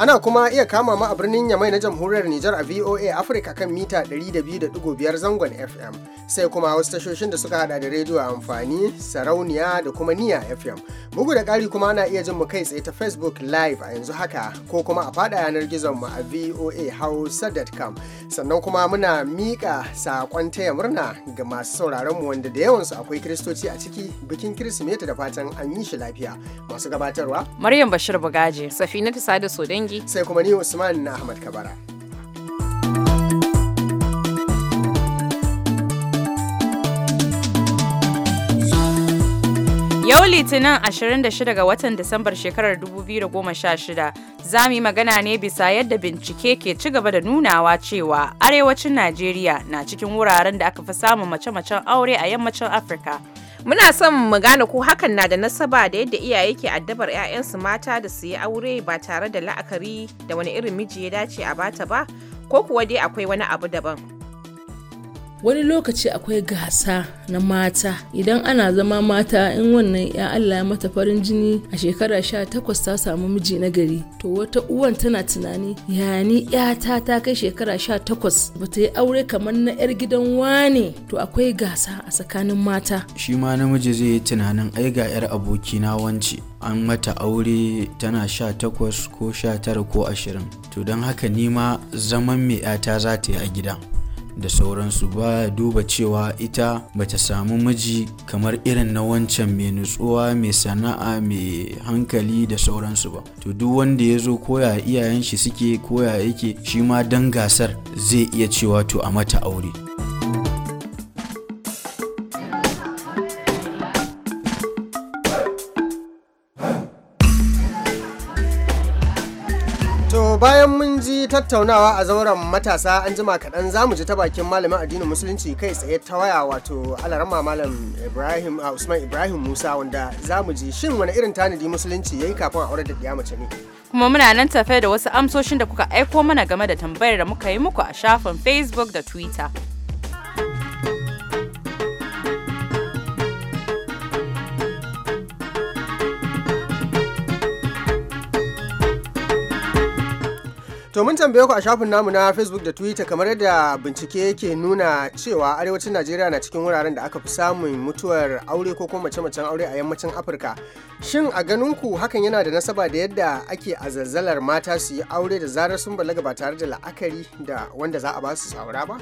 Ana kuma iya kama ma a birnin Yamai na Jamhuriyar Nijar a VOA Africa kan mita biyar zangon FM, sai kuma wasu tashoshin da suka hada da rediyo amfani, sarauniya da kuma niya FM. Bugu da ƙari kuma ana iya jin mu kai tsaye ta Facebook Live a yanzu haka ko kuma a faɗa yanar gizon mu a voahausa.com. Sannan kuma muna miƙa saƙon taya murna ga masu sauraron mu wanda da yawansu akwai kiristoci a ciki bikin Kirsimeti da fatan an yi shi lafiya. Masu gabatarwa. Maryam Bashir Bugaji, Safinatu Sada Sodan Sai kuma ni Usman na Ahmad Kabara. Yau Litinin 26 ga watan Disambar shekarar 2016 za mu yi magana ne bisa yadda bincike ke ci gaba da nunawa cewa arewacin Najeriya na cikin wuraren da aka fi samun mace-macen aure a yammacin Afirka. Muna son mu gane ko hakan na da nasaba da yadda iyaye ke addabar 'ya'yansu mata da su yi aure ba tare da la'akari da wani irin miji ya dace a bata ba, ko kuwa dai akwai wani abu daban. wani lokaci akwai gasa na mata idan ana zama mata in wannan ya Allah ya mata farin jini a shekara sha takwas ta samu miji na gari to wata uwan tana tunani ya ni yata ta kai shekara sha takwas bata yi aure kamar na yar gidan wane to akwai gasa a tsakanin mata shi ma namiji zai yi tunanin ai ga yar abokina wance an mata aure tana sha takwas ko sha tara ko ashirin to don haka nima zaman mai yata za ta yi a gida da sauransu ba duba cewa ita bata samu miji kamar irin na wancan mai nutsuwa mai sana'a mai hankali da sauransu ba to duk wanda ya zo koya iyayen shi suke koya yake shi ma dan gasar zai iya cewa to a mata aure bayan ji tattaunawa a zauren matasa an jima kaɗan za mu ji ta bakin malamin addinin musulunci kai tsaye ta waya wato alarama malam ibrahim a usman ibrahim musa wanda za mu ji shin wani irin tanadi musulunci ya yi kafin a da ɗiya mace ne kuma muna nan tafe da wasu amsoshin da kuka aiko mana game da tambayar da muka yi muku a shafin facebook da twitter To mun tambaye ku a shafin namu na Facebook da Twitter kamar yadda bincike yake nuna cewa arewacin Najeriya na cikin wuraren da aka fi samun mutuwar aure ko kuma mace-macen aure a yammacin Afirka. Shin a ganin ku hakan yana da nasaba da yadda ake a azazzalar mata su yi aure da zarar sun balaga ba tare da la'akari da wanda za a ba su saura ba?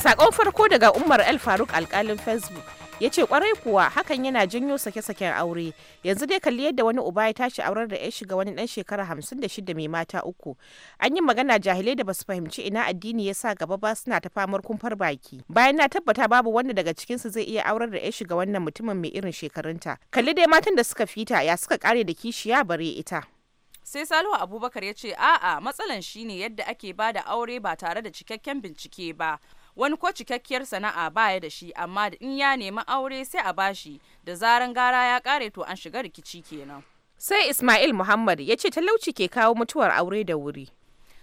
Sakon farko daga Umar El Faruk alkalin Facebook. ya ce kwarai kuwa hakan yana janyo sake-saken aure yanzu dai kalli yadda wani uba ya tashi aurar da ya shiga wani dan shekara hamsin da shida mai mata uku an yi magana jahilai da basu fahimci ina addini ya sa gaba ba suna ta famar kumfar baki bayan na tabbata babu wanda daga cikin su zai iya aurar da ya shiga wannan mutumin mai irin shekarunta kalli dai matan da suka fita ya suka kare da kishiya bare ita sai salihu abubakar ya ce a'a matsalan shine yadda ake bada aure ba tare da cikakken bincike ba wani ko cikakkiyar sana'a baya da shi amma da in ya nemi aure sai a bashi da zaran gara ya kare to an shiga rikici kenan sai ismail muhammad ya ce talauci ke kawo mutuwar aure da wuri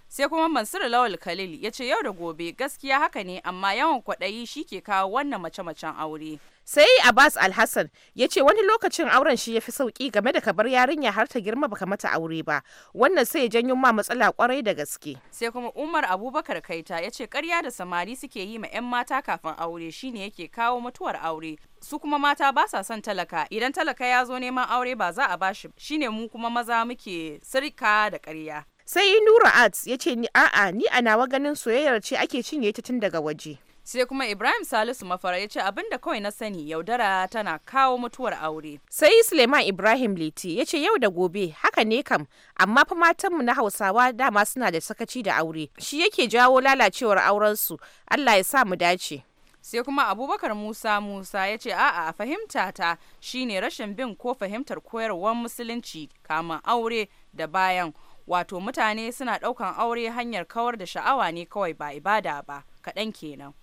sai kuma mansur lawal khalil ya ce yau da gobe gaskiya haka ne amma yawan kwaɗayi shi ke kawo wannan mace-macen aure sai abbas alhassan ya ce wani lokacin auren shi ya fi sauki game da kabar yarinya har ta girma baka mata aure ba wannan sai janyo ma matsala kwarai da gaske sai kuma umar abubakar kaita ya ce karya da samari suke yi ma 'yan mata kafin aure shine yake kawo mutuwar aure su kuma mata ba sa son talaka idan talaka ya zo neman aure ba za a bashi shine mu kuma maza muke sirka da karya sai nura arts ya ce ni a'a ni a nawa ganin soyayyar ce ake cinye ta tun daga waje sai kuma ibrahim salisu mafara ya ce abinda kawai na sani yaudara tana kawo mutuwar aure sai suleiman ibrahim liti ya ce yau da gobe haka ne kam amma fa matanmu na hausawa dama suna da sakaci da aure shi yake jawo lalacewar aurensu allah ya sa mu dace sai kuma abubakar musa musa ya ce a'a fahimta ta shine rashin bin ko fahimtar koyarwar musulunci kamun aure da bayan wato mutane suna ɗaukan aure hanyar kawar da sha'awa ne kawai ba ibada ba kaɗan kenan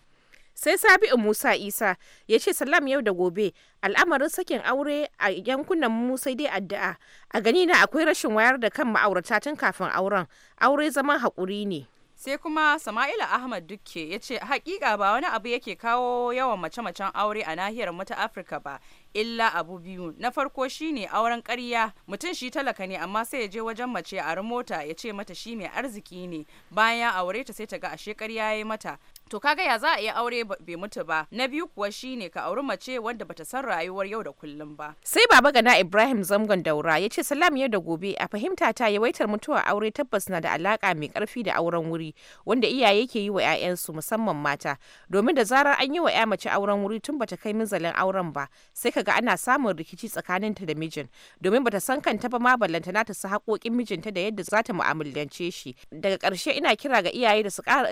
sai sabi'u musa isa ya ce salam yau da gobe al'amarin sakin aure a yankunan mu sai dai addu'a a gani na akwai rashin wayar da kan ma'aurata tun kafin auren aure zaman haƙuri ne sai kuma sama'ila ahmad dukke ya ce hakika ba wani abu yake kawo yawan mace-macen aure a nahiyar mu ta afirka ba illa abu biyu na farko shine auren ƙarya mutum shi talaka ne amma sai ya je wajen mace a mota ya ce mata shi mai arziki ne bayan ya aure ta sai ta ga ashe ƙarya ya yi mata to kaga ya za a yi aure bai mutu ba na biyu kuwa shine ka auri mace wanda bata san rayuwar yau da kullum ba sai baba gana ibrahim zangon daura ya ce salam yau da gobe a fahimta ta yawaitar mutuwa aure tabbas na da alaka mai karfi da auren wuri wanda iyaye ke yi wa 'ya'yansu musamman mata domin da zarar an yi wa 'ya mace auren wuri tun bata kai minzalin auren ba sai kaga ana samun rikici tsakaninta da mijin domin bata san kanta ba ma ballanta na ta su haƙoƙin mijinta da yadda za ta mu'amalance shi daga ƙarshe ina kira ga iyaye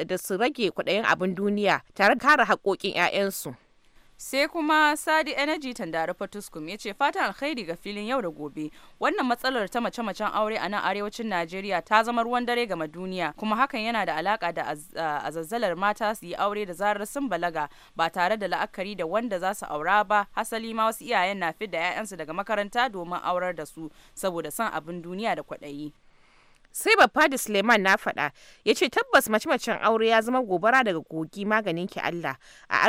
da su rage kwaɗayin abin abin duniya tare kare haƙoƙin 'ya'yansu. sai kuma sadi energy tandari fatuskum ya ce fatan alkhairi ga filin yau da gobe wannan matsalar ta mace-macen aure a nan arewacin najeriya ta zama ruwan dare ga duniya kuma hakan yana da alaka da azazzalar mata su yi aure da zarar sun balaga ba tare da la'akari da wanda za su aura ba hasali ma wasu iyayen na fidda 'ya'yansu daga makaranta domin aurar da su saboda son abin duniya da kwaɗayi sai baffadi suleiman na faɗa ya ce tabbas mace-macen aure ya zama gobara daga kogi maganin ki allah a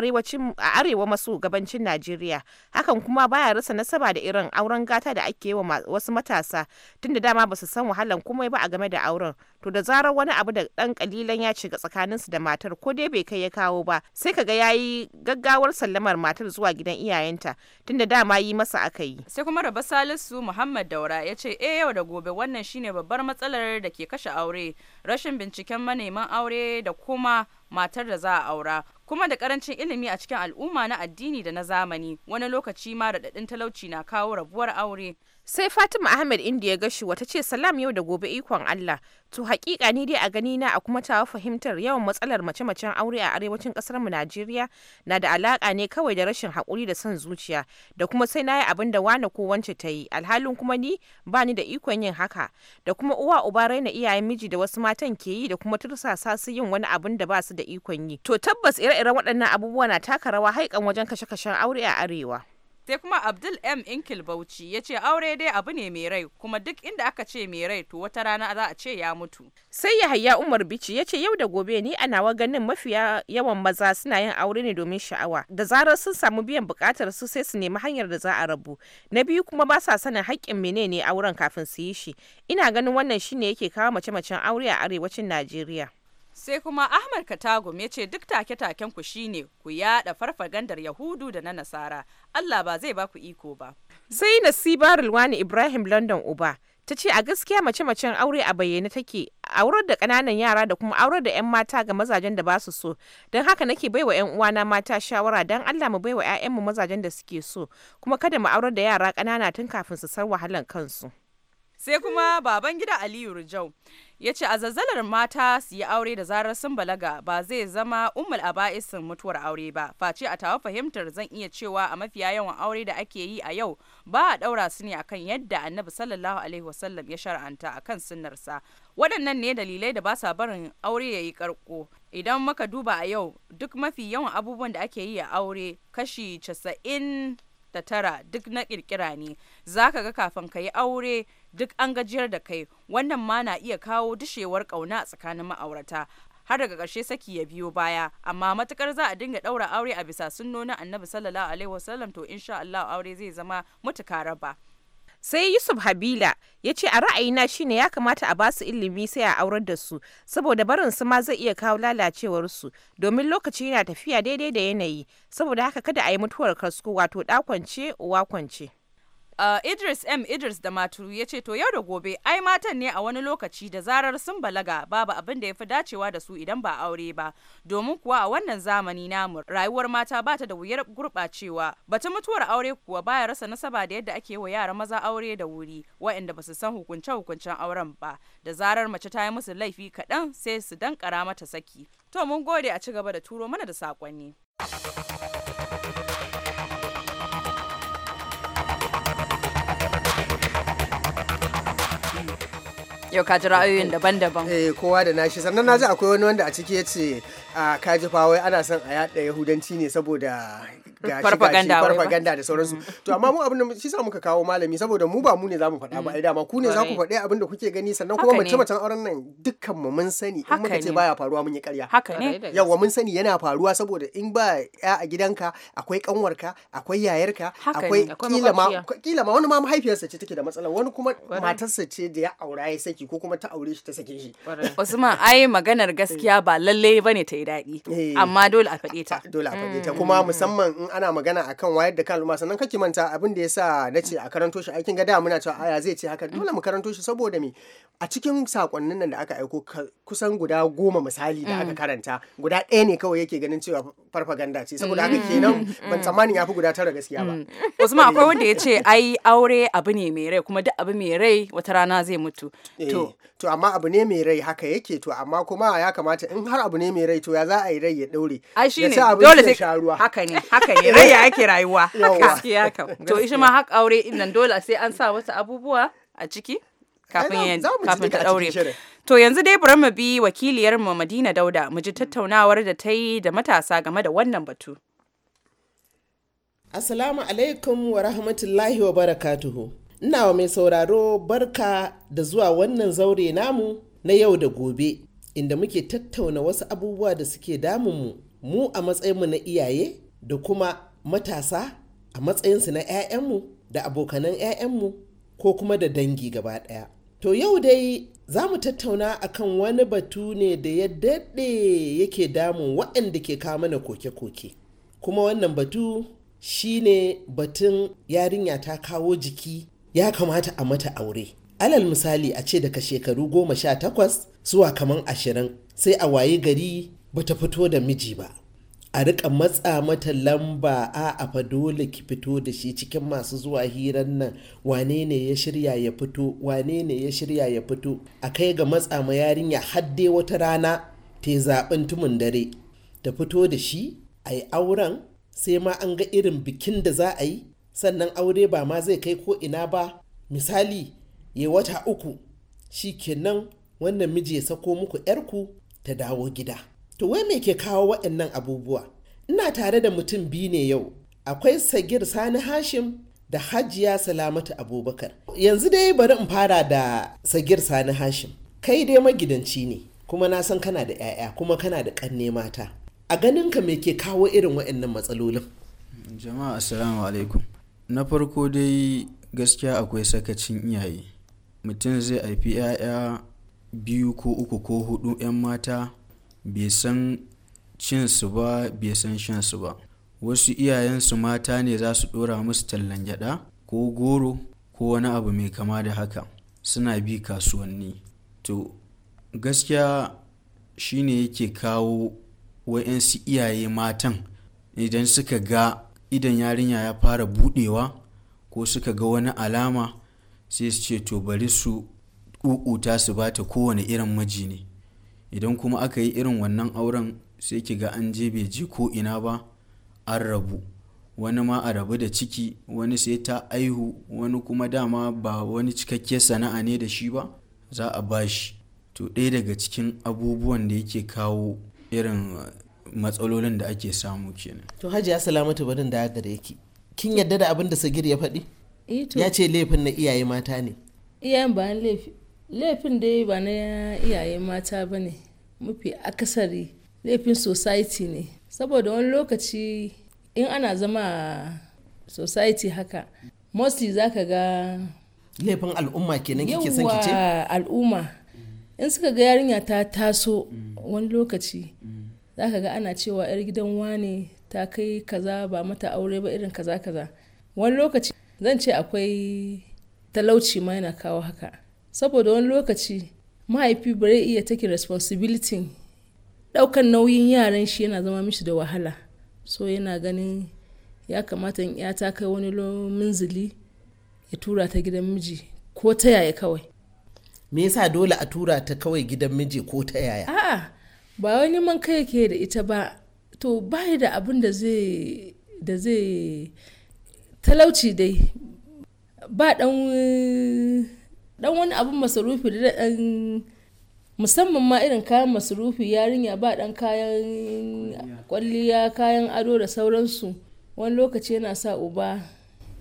arewa maso gabancin najeriya hakan kuma baya rasa nasaba da irin auren gata da ake wa wasu matasa tunda dama ba su san wahalan komai ba a game da auren to da zarar wani abu da dan kalilan ya shiga tsakaninsu da matar ko dai bai kai ya kawo ba sai kaga yayi gaggawar sallamar matar zuwa gidan iyayenta tunda dama yi masa aka yi sai kuma raba salisu muhammad daura ya ce eh yau da gobe wannan shine babbar matsalar matar da ke kashe aure rashin binciken maneman aure da kuma matar da za a aura kuma da karancin ilimi a cikin al'umma na addini da na zamani wani lokaci ma raɗaɗin talauci na kawo rabuwar aure sai fatima ahmed inda indiya gashi ta ce salam yau da gobe ikon allah to hakika ni dai a gani na a kuma tawa fahimtar yawan matsalar mace-macen aure a arewacin kasar mu najeriya na da alaka ne kawai da rashin hakuri da son zuciya da kuma sai na yi abin da wane ko wance ta yi alhalin kuma ni ba ni da ikon yin haka da kuma uwa uba raina iyayen miji da wasu matan ke yi da kuma tursasa su yin wani abin da ba su da ikon yi to tabbas ire-iren waɗannan abubuwa na taka rawa haikan wajen kashe-kashen aure a arewa sai kuma abdul m inkil bauchi ya ce aure dai abu ne mai rai kuma duk inda aka ce mai rai to wata rana za a ce ya mutu sai yahaya umar bici ya ce yau da gobe ni a nawa ganin mafiya yawan maza suna yin aure ne domin sha'awa da zarar sun samu biyan bukatar su sai su nemi hanyar da za a rabu na biyu kuma ba sa sanin haƙƙin menene auren kafin su yi shi ina ganin wannan shine yake kawo mace-macen aure a arewacin najeriya sai kuma ahmad katagum ya ce duk take-taken ku shine ku yada farfagandar yahudu da na nasara allah ba zai ba ku iko ba sai nasiba rulwani ibrahim london uba ta ce a gaskiya mace-macen aure a bayyane take aurar da ƙananan yara da kuma aurar da 'yan mata ga mazajen da ba su so don haka nake baiwa 'yan uwana mata shawara don allah mu baiwa 'ya'yanmu mazajen da suke so kuma kada mu aurar da yara ƙanana tun kafin su san wahalan kansu sai kuma baban gida aliyu rijau ya ce a zazzalar mata su yi aure da zarar sun balaga ba zai zama ummul aba'isin mutuwar aure ba face a tawa fahimtar zan iya cewa a mafiya yawan aure da ake yi a yau ba a daura su ne akan yadda annabi sallallahu alaihi wasallam ya shar'anta akan sunnarsa waɗannan ne dalilai da ba sa barin aure ya yi karko idan muka duba a yau duk mafi yawan abubuwan da ake yi a aure kashi casa'in tara duk na kirkira ne zaka ga kafin ka yi aure duk an gajiyar da kai wannan ma na iya kawo dushewar kauna a tsakanin ma'aurata har daga ƙarshe saki ya biyo baya amma matukar za a dinga ɗaura aure a bisa sunnonin annabi sallallahu alaihi wasallam to insha Allah aure zai zama mutuka raba sai yusuf habila ya ce a ra'ayina shine ya kamata a basu ilimi sai a aurar da su saboda barin su ma zai iya kawo lalacewar su domin lokaci yana tafiya daidai da yanayi saboda haka kada a yi mutuwar kasko wato dakwance uwa kwance Uh, Idris M. Idris da Maturu ya ce to yau da gobe ai matan ne a wani lokaci da zarar sun balaga babu abin da ya fi dacewa da su idan ba aure ba domin kuwa a wannan zamani namu rayuwar mata bata da wuyar gurɓacewa batun mutuwar aure kuwa baya rasa nasaba da yadda ake wa yara maza aure da wuri waɗanda ba su san hukunce hukuncen auren ba da zarar mace ta yi musu laifi kaɗan sai su dankara mata saki to mun gode a ci gaba da turo mana da saƙonni. yau ka ji ra'ayoyin daban-daban eh kowa da nashi sannan na ji akwai wani wanda a ciki ya ce a kaji fa wai ana son a yaɗa yahudanci ne saboda farfaganda farfaganda da sauransu mm. to amma mu abin da shi sa muka kawo malami saboda mu ba mu ne zamu faɗa ba mm. ai dama ku ne za ku faɗi abin da kuke gani sannan kuma mace macen auren nan dukkan mu mun sani in muka ce baya faruwa mun yi ƙarya haka ne yawa mun sani yana faruwa saboda in ba ya a gidanka akwai kanwarka akwai yayarka akwai kila ma kila ma wani ma mahaifiyarsa ce take da matsala wani kuma matarsa ce da ya aura ya sai saki ko kuma ta aure shi ta sake shi Usman ai maganar gaskiya ba lalle bane ta yi daɗi eh. amma dole a faɗe ta dole a faɗe ta mm. kuma musamman in ana magana akan wayar da kan al'umma sannan kake manta abin da yasa ce a karanto shi aikin gada muna cewa aya zai ce haka mm. dole mu karanto shi saboda me a cikin sakonnin nan da aka aiko kusan guda goma misali da aka mm. karanta guda ɗaya ne kawai yake ganin cewa farfaganda ce saboda haka kenan ban tsammanin ya fi guda tara gaskiya ba Usman akwai wanda ya ce ai aure abu ne mai rai kuma duk abu mai rai wata rana zai mutu to eh, to amma abu ne mai rai haka yake to amma kuma ya kamata in har abu ne mai rai to ya za a yi rai ya daure ai shine dole sai sha ruwa haka ne haka ne rai ya ake rayuwa gaskiya kam to shi ma haka aure nan dole sai an sa wasu abubuwa a ciki kafin kafin ta daure to yanzu dai bari bi wakiliyar mu Madina Dauda mu ji tattaunawar da ta yi da matasa game da wannan batu Assalamu alaikum wa rahmatullahi wa barakatuhu. ina wa mai sauraro barka da zuwa wannan zaure namu na yau da gobe inda muke tattauna wasu abubuwa da suke damunmu mu a matsayinmu na iyaye da kuma matasa a matsayinsu na 'ya'yanmu da abokanan 'ya'yanmu ko kuma da dangi gaba ɗaya to yau dai za mu tattauna akan wani batu ne da ya daɗe yake damun waɗanda ke kawo mana koke-koke kuma wannan batu shine batun yarinya ta kawo jiki ya kamata a mata aure alal misali a ce daga shekaru goma sha takwas zuwa kaman ashirin sai a waye gari bata fito da miji ba a rika matsa mata lamba a afa dole ki fito da shi cikin masu zuwa hirar nan wane ne ya shirya ya fito wane ne ya shirya ya fito a kai ga matsa ma yarinya hadde wata rana te zaɓin tumun dare ta fito da shi a yi auren sai ma an ga irin bikin da za a yi sannan aure ba ma zai kai ko ina ba misali ya wata uku shi kenan wannan miji ya sako muku yarku ta dawo gida to wai me ke kawo waɗannan abubuwa ina tare da mutum biyu ne yau akwai sagir sani hashim da hajiya salamatu abubakar yanzu dai bari in fara da sagir sani hashim kai dai magidanci ne kuma na san kana da 'ya'ya kuma kana da ƙanne mata a ganinka me ke kawo irin waɗannan matsalolin jama'a assalamu alaikum na farko dai gaskiya akwai sakacin iyaye mutum zai haifi 'ya'ya biyu ko uku ko hudu 'yan mata bai san cinsu ba bai san shansu ba wasu iyayensu mata ne za su dora musu tallan gyada ko goro ko wani abu mai kama da haka suna bi kasuwanni to gaskiya shine yake kawo wa'yansu iyaye matan idan suka ga idan yarinya ya fara budewa ko suka ga wani alama sai su ce to bari su ƙuƙuta su ba ta kowane irin maji ne idan kuma aka yi irin wannan auren sai ki ga an je bai ko ina ba an rabu wani ma a rabu da ciki wani sai ta aihu wani kuma dama ba wani cikakke sana'a ne da shi ba za a bashi to ɗaya daga cikin abubuwan da yake kawo irin matsalolin da ake samu kenan to hajiya salamatu barin da gare ki kin yadda da abin da sagir ya faɗi eh ya ce laifin na iyaye mata ne iyayen ba laifi laifin dai ba na iyaye mata ba ne mafi akasari laifin society ne saboda wani lokaci in ana zama society haka mostly za ka ga laifin al'umma kenan kike son kice al'umma in suka ga yarinya ta taso mm. wani lokaci mm. za ka ga ana cewa 'yar gidan wane ta kai kaza ba mata aure ba irin kaza kaza wani lokaci zan ce akwai talauci ma yana kawo haka saboda wani lokaci mahaifi bare iya take responsibility daukan nauyin yaran shi yana zama mishi da wahala so yana ganin ya kamata in ya ta kai wani minzili ya tura ta gidan miji ko ta yaya kawai me yasa dole a tura ta kawai gidan miji ko ta yaya a'a ba wani man kai ke da ita ba to bayi da abin da zai talauci dai ba dan wani abin masarufi da dan musamman ma irin kayan masarufi yarinya ba dan kayan kwalliya kayan ado da sauransu wani lokaci yana sa uba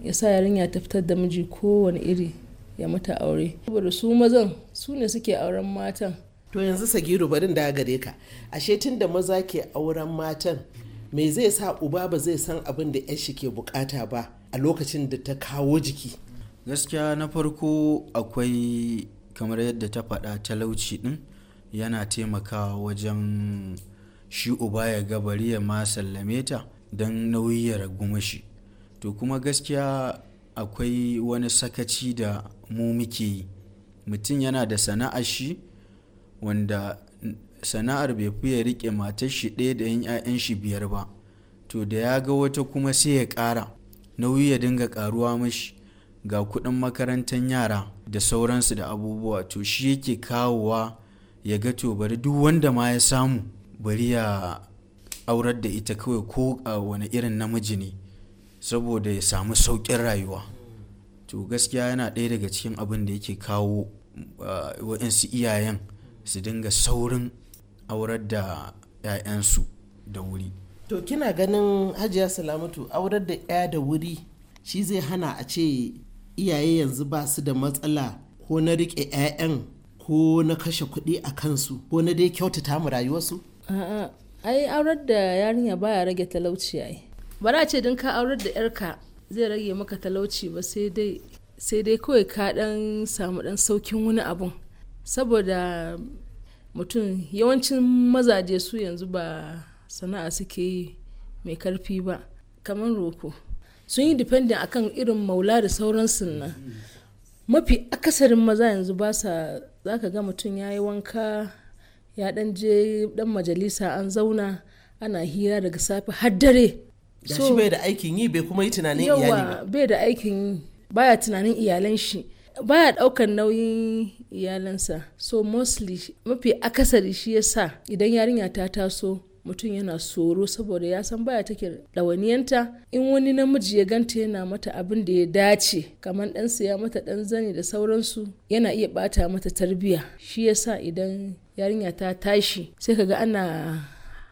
ya sa yarinya ta fitar da miji kowane iri ya mata aure saboda su mazan su ne suke auren matan to yanzu sagiru barin da gare ka ashe tun da maza ke auren matan me zai sa uba ba zai san abin da yan shi ke bukata ba a lokacin da ta kawo jiki gaskiya na farko akwai kamar yadda ta faɗa talauci ɗin yana taimakawa wajen shi uba ya ga bari ya ma sallame ta don nauyi ya ragu mashi to kuma gaskiya akwai wani sakaci da mu muke yi mutum yana da sana'a shi wanda sana'ar bai fiye riƙe matar shi ɗaya da yan 'ya'yan shi biyar ba to da ya ga wata kuma sai ya ƙara nauyi ya dinga ƙaruwa mashi ga kuɗin makarantar yara da sauransu da abubuwa to shi yake kawowa ya ga to bari duk wanda ma ya samu bari ya aurar da ita kawai ko a wani irin namiji ne saboda ya samu sauƙin rayuwa to gaskiya yana ɗaya daga cikin abin da yake kawo wa'insu iyayen su dinga saurin aurar da 'ya'yansu da wuri to kina ganin hajiya salamatu aurar da 'ya da wuri shi zai hana a ce iyaye yanzu ba su da matsala ko na rike 'ya'yan ko na kashe kuɗi a kansu ko na dai kyautata mu rayuwarsu ai aurar da yarinya baya rage talauci ai ba za ce don ka aurar da yarka zai rage maka talauci ba sai dai kawai ka ɗan samu ɗan saukin wani abun saboda mutum yawancin mazaje su yanzu ba sana'a suke yi mai karfi ba kamar roko sun yi dependent akan irin maula da sauran sunna mafi akasarin maza yanzu ba sa za ka ga mutum ya yi wanka ya dan je dan majalisa an zauna ana hira daga safe har dare so, bai da aikin yi bai kuma yi tunanin iyali ba bai baya tunanin iyalan shi baya ɗaukar nauyin iyalansa so mostly mafi akasari shi ya sa idan yarinya ta taso mutum yana tsoro saboda ya san baya take ɗawaniyanta in wani namiji ya ganta yana mata abin da ya dace kamar ɗan ya mata ɗan zani da sauransu yana iya ɓata mata tarbiya shi ya sa idan yarinya ta tashi sai kaga ana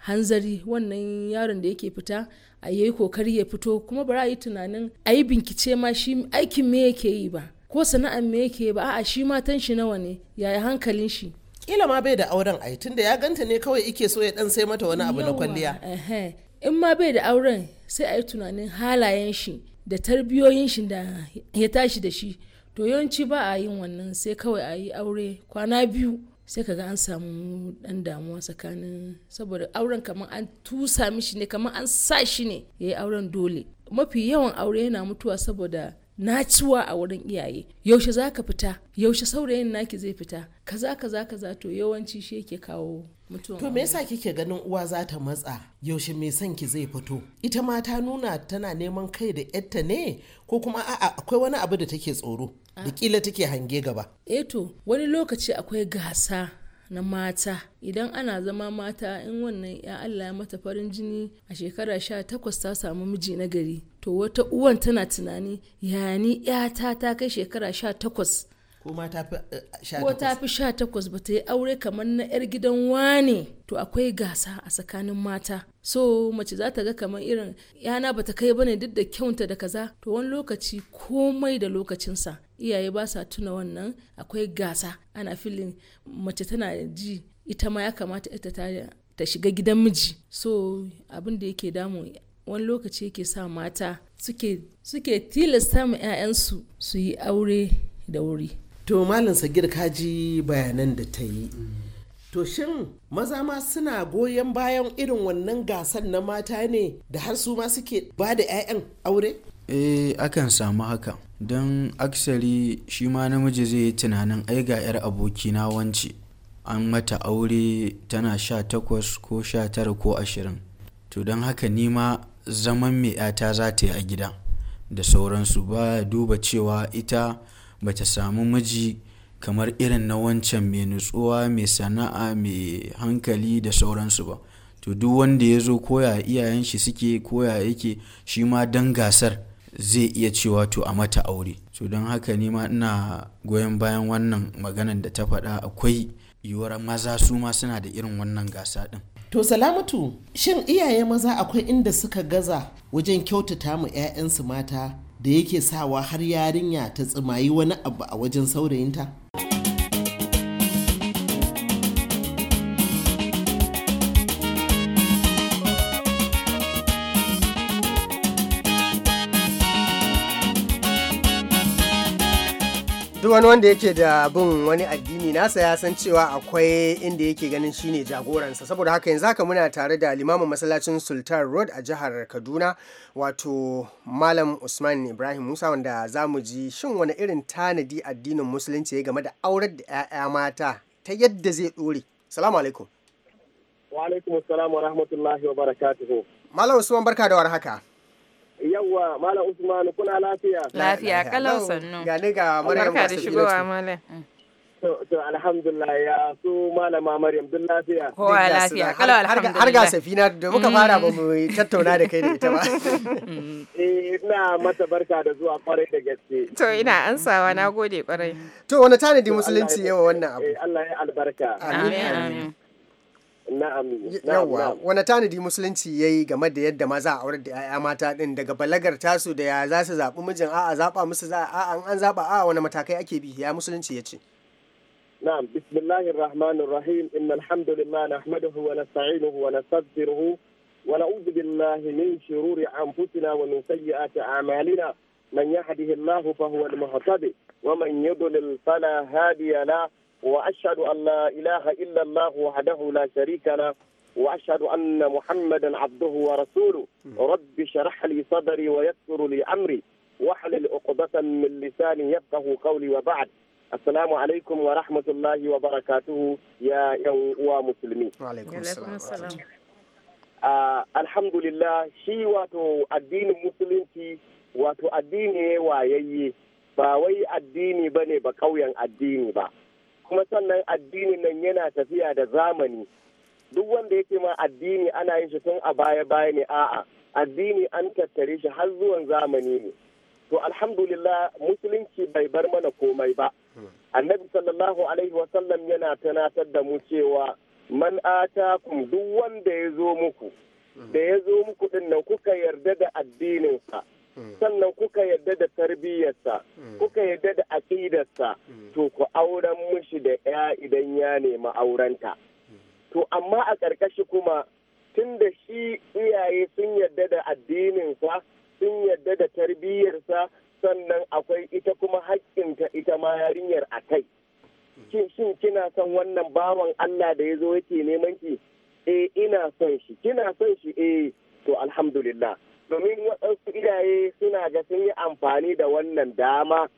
hanzari wannan yaron da yake fita a yi kokari ya fito kuma ba a yi tunanin a yi bincike ma shi aikin me yake yi ba ko sana'an me yake ba a'a shi matan shi nawa ne yaya hankalin shi kila ma bai da auren ai tunda ya ganta ne kawai ike so ya dan sai mata wani abu na kwalliya in ma bai da auren sai a yi tunanin halayen shi da tarbiyoyin shi da ya tashi da shi to yawanci ba a yin wannan sai kawai a yi aure kwana biyu sai kaga an samu dan damuwa tsakanin saboda auren kamar an tusa mishi ne kamar an sa shi ne ya yi auren dole mafi yawan aure yana mutuwa saboda na ciwa a wurin iyaye yaushe za ka fita yaushe saurayin naki zai fita kaza kaza kaza to yawanci shi yake kawo mutuwa to me yasa kike ganin uwa za ta matsa yaushe me san ki zai fito ita ma ta nuna tana neman kai da yatta ne ko kuma a'a akwai wani abu da take tsoro da kila take hange gaba eh to wani lokaci akwai gasa na mata idan ana zama mata in wannan ya Allah ya mata farin jini a shekara sha takwas ta samu miji na gari to wata uwan tana tunani yani yata ta kai shekara sha takwas ko ma ta fi eh, sha ko ta fi sha takwas ba ta yi aure kamar na yar gidan wane to akwai gasa a tsakanin mata so mace za ta ga kamar irin yana ta kai ba ne duk da kyaunta da kaza to wani lokaci komai da lokacinsa iyaye ba sa tuna wannan akwai gasa ana filin mace tana ji ita ma ya kamata ita ta ta shiga gidan miji so abin da yake damu wani lokaci yake sa mata suke suke tilasta ma 'ya'yansu su yi aure da wuri to malin sagir kaji bayanan da ta yi to shin maza ma suna goyon bayan irin wannan gasan na mata ne da har su ma suke ba da 'ya'yan aure eh akan samu haka don aksari shi ma namiji zai yi tunanin ai ga 'yar abokina wance an mata aure tana sha takwas ko sha tara ko ashirin to don haka nima zaman mai 'yata za ta yi a gida da sauransu ba duba cewa ita ba ta samu miji kamar irin na wancan mai nutsuwa mai sana'a mai hankali da sauransu ba to duk wanda ya zo koya iyayen shi suke koya yake shi ma dan gasar zai iya cewa to a mata aure to don haka ne ma ina goyon bayan wannan maganan da ta faɗa akwai yiwuwar maza su ma suna da irin wannan gasa ɗin to salamatu shin iyaye maza akwai inda suka gaza wajen kyautata mu 'ya'yansu mata da yake sawa har yarinya ta tsimayi wani abu a wajen saurayinta duk wani wanda yake da bin wani addini nasa ya san cewa akwai inda yake ganin shine jagoransa saboda haka yanzu haka muna tare da limamin masallacin sultan road a jihar kaduna wato malam usman ibrahim musa wanda za mu ji shin wani irin tanadi addinin musulunci ya game da aurar da 'ya'ya mata ta yadda zai dore salamu alaikum wa alaikum salamu wa rahmatullahi wa barakatuhu malam usman barka da warhaka haka Yawwa Malam Usman kuna lafiya. Lafiya kalau sannu. Ga ni ga Maryam Barka da shigowa Malam. Mm. To alhamdulillah ya su malama Maryam dun lafiya. Kowa lafiya kalau alhamdulillah. Har ga safina da muka mm. fara ba mu tattauna da kai da ita ba. Eh, ina mata barka da zuwa kwarai da gaske. To ina ansawa na gode kwarai. To wani tanadi musulunci yawa wannan abu. Eh, Allah ya albarka. Amin. na'am wani tanadi musulunci ya yi game da yadda maza a aure da 'ya'ya mata din daga balagar tasu da ya za su zaɓi mijin a'a zaɓa musu za'a an zaɓa a wani matakai ake bi ya musulunci ya ce na'am bismillahi rahman rahim innal hamdulillahi nahmaduhu wa nasta'inuhu wa nastaghfiruhu wa na'udhu billahi min an anfusina wa min sayyiati a'malina man yahdihillahu fa huwa al-muhtadi wa man yudlil hadiya lahu واشهد ان لا اله الا الله وحده لا شريك له واشهد ان محمدا عبده ورسوله رب اشرح لي صدري ويسر لي امري واحلل عقدة من لساني يفقه قولي وبعد السلام عليكم ورحمة الله وبركاته يا يوم ومسلمين وعليكم السلام آه الحمد لله شي واتو الدين المسلم addini واتو الدين ba wai فاوي الدين بني ba الدين با, kuma sannan addini nan yana tafiya da zamani duk wanda yake ma addini ana yin shi tun a baya baya ne a'a addini an tattare shi har zuwan zamani ne to alhamdulillah musulunci bai bar mana komai ba annabi sallallahu alaihi wasallam yana tunatar da mu cewa man atakum duk wanda ya zo muku da ya zo muku din kuka yarda da addininsa sannan kuka yadda da tarbiyyarsa kuka yadda da aƙidarsa to ku auren mushi da ya idan ya nemi aurenta to amma a ƙarƙashi kuma tun da shi iyaye sun yadda da addininsa sun yadda da tarbiyyarsa sannan akwai ita kuma haƙƙinta ita ma yarinyar a kai shin kina son wannan bawan Allah da ya zo yake neman ki eh ina son shi kina son shi eh to alhamdulillah domin waɗansu iyaye suna ga sun yi amfani da wannan dama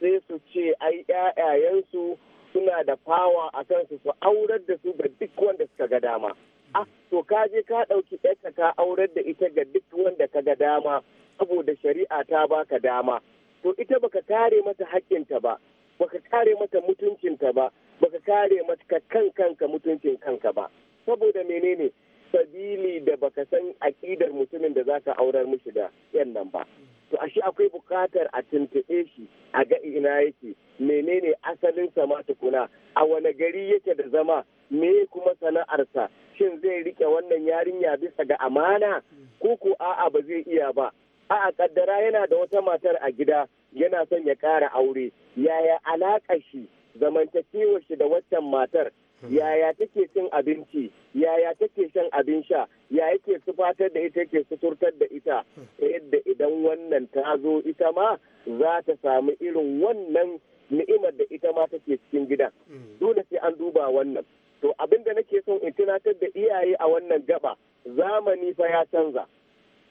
sai su ce ai ‘ya'yayensu suna da fawa a kansu su aurar da su ga duk wanda suka ga dama. Ah, to ka je ka ɗauki ɗanka ka aurar da ita ga duk wanda ka ga dama saboda shari'a ta baka dama. To ita baka kare mata haƙƙinta ba, baka kare mata mutuncinta ba, baka kare mata kan kanka mutuncin kanka ba. Saboda menene? sabili da baka san aƙidar mutumin da zaka aurar mishi da yan nan ba to ashe akwai buƙatar a tuntuɓe shi a ga ina yake menene asalin sa tukuna a wane gari yake da zama me kuma sana'arsa shin zai rike wannan yarinya bisa ga amana ko ko a'a ba zai iya ba a'a kaddara yana da wata matar a gida yana son ya ƙara aure yaya alaƙa shi zamantakewar shi da waccan matar yaya take cin abinci yaya take shan abin sha ya yake sufatar da ita yake suturtar da ita yadda idan wannan ta zo ita ma za ta samu irin wannan ni'imar da ita ma take cikin gidan dole sai an duba wannan to abin da nake son in tunatar da iyaye a wannan gaba zamani fa ya canza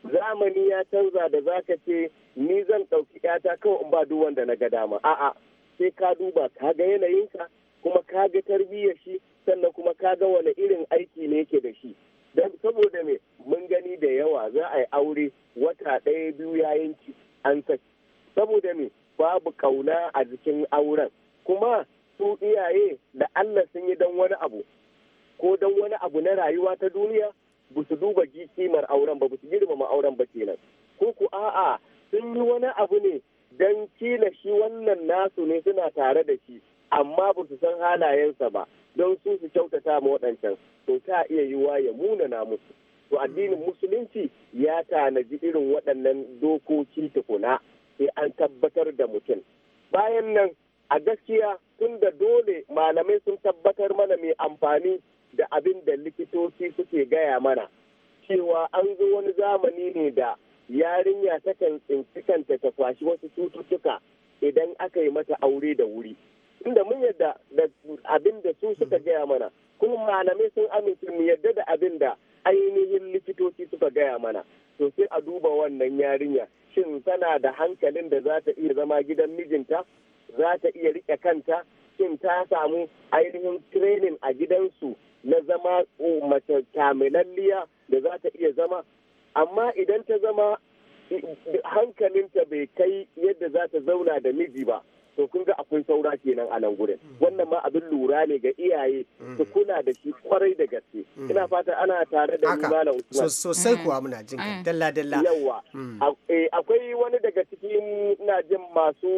zamani ya canza da za ka ce ni zan ɗauki 'yata kawai in ba duk wanda na ga dama a'a sai ka duba ka ga yanayinka kuma ka ga tarbiyyar shi sannan kuma ka ga wani irin aiki ne yake da shi don saboda me mun gani da yawa za a yi aure wata ɗaya biyu yayin ci an saki saboda me babu kauna a jikin auren kuma su iyaye da Allah sun yi don wani abu ko don wani abu na rayuwa ta duniya ba su duba kimar auren ba ba su girmama auren ba kenan ko ku a'a sun yi wani abu ne don kila shi wannan nasu ne suna tare da shi amma ba su san halayensa ba don su su kyautata ma waɗancan to ta iya yiwa ya munana musu to addinin musulunci ya tanaji irin waɗannan dokoki tukuna sai an tabbatar da mutum bayan nan a gaskiya tun da dole malamai sun tabbatar mana mai amfani da abin da likitoci suke gaya mana cewa an zo wani zamani ne da yarinya takan tsinci kanta ta kwashi wasu cututtuka idan aka yi mata aure da wuri tunda mun yadda da abin da su suka mhm. gaya mana kuma malamai sun amince mu yadda da abin da ainihin likitoci suka gaya mana to sai a duba wannan yarinya shin tana da hankalin da za ta iya zama gidan mijinta za ta iya rike kanta shin ta samu ainihin training a gidansu na zama mace kamilalliya da za ta iya zama amma idan ta zama hankalinta bai kai yadda za ta zauna da miji ba to kun ga akwai saura kenan a nan gurin mm. wannan ma abin lura ne ga iyaye mm. su kula da shi kwarai da gaske mm. ina fata ana tare da ni malam Usman sosai kuwa muna jin dalla dalla yawa eh, akwai wani daga cikin ina jin masu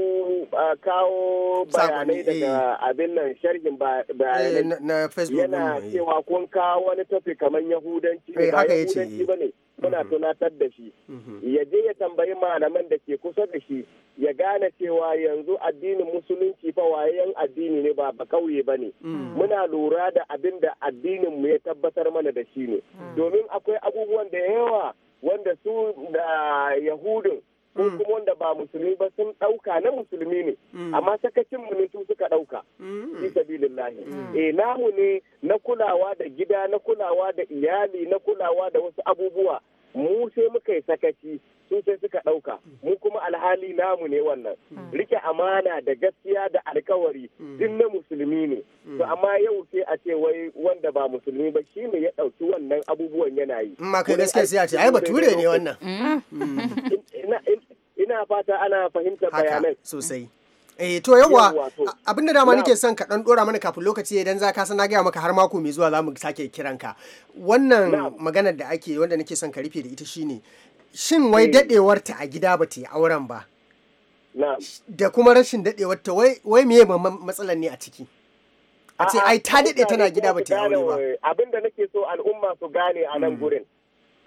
kawo bayanai daga eh. abin nan sharhin bayanai eh, na Facebook yana cewa kun kawo wani tafi kamar yahudanci ba yahudanci bane muna mhm. tunatar da shi mhm. ya je ya tambayi malaman da ke kusa da shi ya gane cewa yanzu addinin musulunci fa yan addini ne ba ba kauye ba ne mhm. muna lura da abin da addinin mu ya tabbatar mana da shi ne domin akwai abubuwan da yawa wanda su da yahudun ko mm. kuma wanda ba musulmi ba sun ɗauka na musulmi ne mm. amma sakacin mu ne suka ɗauka mm. fi sabilillahi eh namu ne na kulawa da gida na kulawa da iyali na kulawa da wasu abubuwa mu sai muka yi sakaci su sai suka ɗauka mu kuma alhali namu ne wannan rike amana da gaskiya da alkawari duk na musulmi ne to amma yau sai a ce wai wanda ba musulmi ba shi ne ya ɗauki wannan abubuwan yana yi ma kai gaskiya sai a ce ai bature ne wannan ina fata ana fahimtar haka sosai Eh, to yawa abin da dama nake son ka dan dora mana kafin lokaci idan za ka san na gaya maka har mako mai zuwa zamu sake kiranka wannan maganar da ake wanda nake son ka rufe da ita shine shin wai eh. ta a gida ba ta yi auren ba da kuma rashin ta wai wai meye matsalar ne a ciki a ce ai ta dade tana gida ba ta yi aure ba abin da nake so al'umma su gane a nan mm. gurin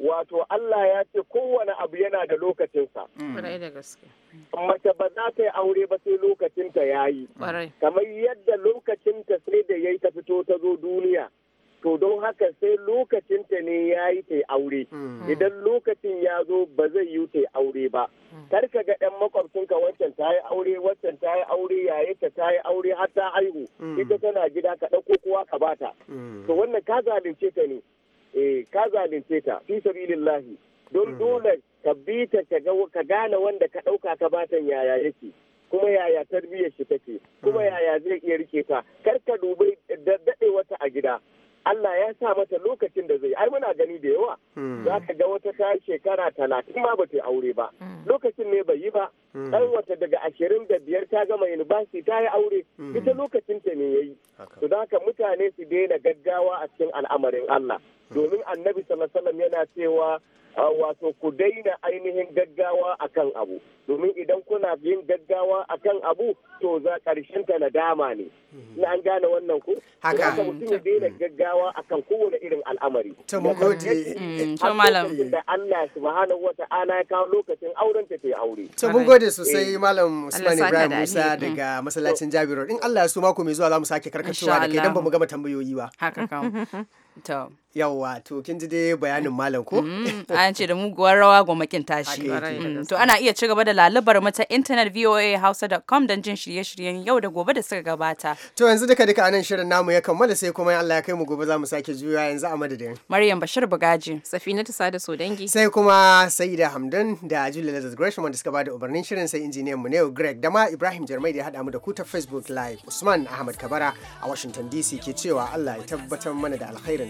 wato Allah ya ce kowane abu yana da lokacinsa. Mm. Mace ba za ta yi aure ba sai lokacinta ya yi. Kamar yadda lokacinta sai da ya yi ta fito ta zo duniya. To don haka sai lokacinta ne ya yi ta aure. Mm. Idan lokacin ya zo ba zai yi ta aure ba. Mm. Kar ka ga ɗan makwabcinka wancan ta yi aure, wancan ta yi aure, yaye ta ta yi aure har ta haihu. Ita tana gida ka ɗauko kowa ka bata. To wannan ka zalunce ta ne. Eh, ka zalunce ta fi sabilillahi don hmm. dole ka bi ta ka gane wanda ka ɗauka ka batan yaya yake kuma yaya tarbiyyar shi take kuma hmm. yaya zai iya rike ta kar ka dubi daddade wata a gida Allah ya sa mata lokacin da zai ai muna gani da yawa hmm. za ka ga wata ta shekara talatin ma bata aure ba hmm. lokacin ne bai yi ba hmm. ɗan wata daga ashirin da biyar ta gama yunibasiti ta yi aure ita lokacin ta ne ya yi su za ka mutane su daina gaggawa a cikin al'amarin Allah domin annabi sallallahu alaihi wasallam yana cewa Ah, wato ku daina ainihin gaggawa akan abu domin idan kuna yin gaggawa akan abu to za karshen ta nadama ne na an gane wannan ku haka mutum ya daina gaggawa akan kowane irin al'amari ta mu ta mm, malam da Allah subhanahu ta'ala ya kawo lokacin auren ta tayi aure ta mun eh. sosai malam Usman Ibrahim Musa mm. daga masallacin Jabiru in Allah ya so mako mai zuwa za mu sake karkashewa da kai dan ba mu gama tambayoyi ba haka kawo To. Yawwa to kin ji dai bayanin malam ko? Mm, an ce da muguwar rawa ga makin tashi. Mm, to ana iya ci gaba da lalubar mu ta intanet voahausa.com don jin shirye-shiryen yau da gobe da suka gabata. To yanzu duka duka anan shirin namu ya kammala sai kuma Allah ya kai mu gobe za mu sake juya yanzu a madadin. Maryam Bashir Bugaji. Safina Tusa da dangi Sai kuma Saida Hamdan da Julia Lazarus Gresham wanda suka bada umarnin shirin sai injiniyan mu Neo Greg da ma Ibrahim Jarmai da ya hada mu da ku ta Facebook Live Usman Ahmad Kabara a Washington DC ke cewa Allah ya tabbatar mana da alkhairin